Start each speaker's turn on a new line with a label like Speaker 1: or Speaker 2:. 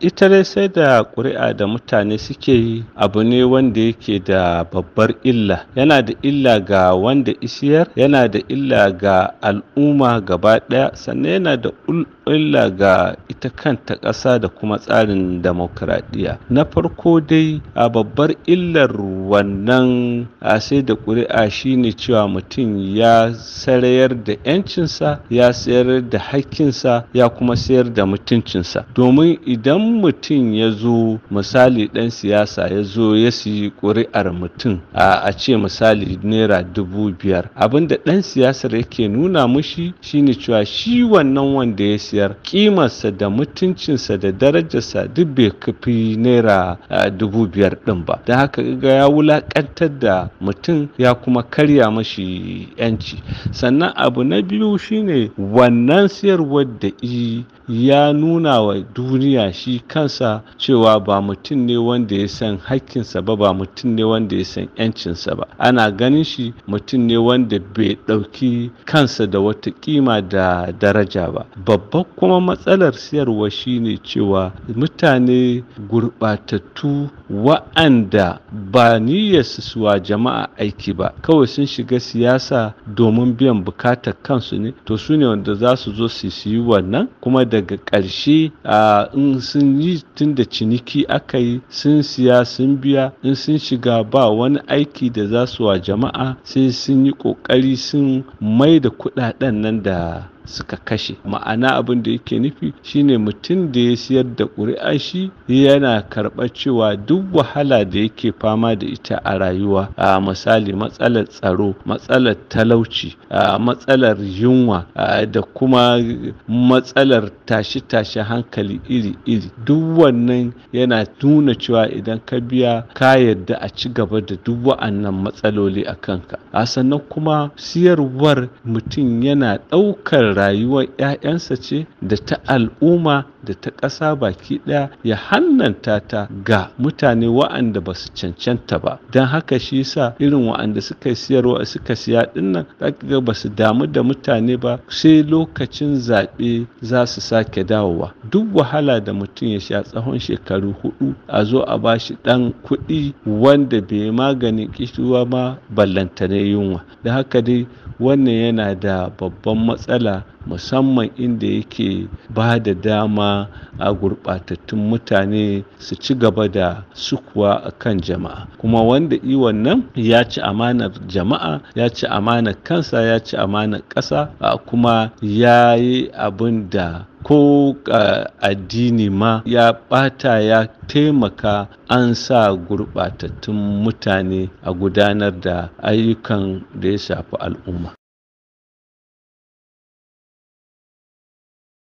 Speaker 1: ita dai sai da ƙuri'a da mutane suke yi abu ne wanda yake da babbar illa yana da illa ga wanda isiyar yana da illa ga al'umma gaba ɗaya sannan yana da illa ga ita kanta ƙasa da kuma tsarin demokuraɗiyya na farko dai a babbar illar wannan a sai da ƙuri'a shine cewa mutum ya sarayar da 'yancinsa ya sayar da hakkinsa ya kuma sayar da mutuncinsa domin idan in mutum ya zo misali ɗan siyasa ya zo ya siyi ƙuri'ar mutum a ce misali naira dubu biyar abinda ɗan siyasar yake nuna mushi shine cewa shi wannan wanda ya siyar ƙimarsa da mutuncinsa da darajarsa duk bai kafi naira dubu biyar ɗin ba da haka ga ya wulaƙantar da mutum ya kuma karya mashi yanci sannan abu na biyu shine wannan siyarwar da ya nuna wa duniya shi kansa cewa ba mutum ne wanda ya san haƙƙinsa ba ba mutum ne wanda ya san 'yancinsa ba ana ganin shi mutum ne wanda bai ɗauki kansa da wata ƙima da daraja ba babban kuma matsalar siyarwa shine cewa mutane gurɓatattu wa'anda ba niyyarsu suwa jama'a aiki ba kawai sun shiga siyasa domin biyan bukatar kansu ne to su ne wanda za su zo su yi wannan kuma daga ƙarshe in sun sun yi tun da ciniki aka yi sun siya sun biya in sun shiga ba wani aiki da za su wa jama'a sai sun yi ƙoƙari sun mai da kuɗaɗen nan da suka kashe ma'ana abin da yake nufi shine mutum da ya siyar da ƙuri'a shi yana karɓar cewa duk wahala da yake fama da ita a rayuwa a misali matsalar tsaro matsalar talauci a matsalar yunwa da kuma matsalar tashi-tashi hankali iri-iri duk wannan yana nuna cewa idan ka biya ka yarda a ci gaba da duk wa'annan matsaloli a kanka a sannan kuma siyarwar mutum yana ɗaukar rayuwar 'ya'yansa ce da ta al'umma da ta ƙasa baki ɗaya ya hannanta ta ga mutane wa'anda ba su cancanta ba don haka shi sa irin wa'anda suka siyarwa suka siya dinnan ga ba su damu da mutane ba sai lokacin zaɓe za su sake dawowa duk wahala da mutum ya sha tsahon shekaru hudu a zo a ba shi ɗan kuɗi wanda bai maganin ƙishuwa ma ballantane yunwa da haka dai wannan yana da babban matsala musamman inda yake ba da dama a gurɓatattun mutane su ci gaba da sukuwa a kan jama'a kuma wanda yi wannan ya ci amanar jama'a ya ci amanar kansa ya ci amanar ƙasa kuma ya yi abin da ko addini ma ya ɓata ya taimaka an sa gurɓatattun mutane a gudanar da ayyukan da ya shafi al'umma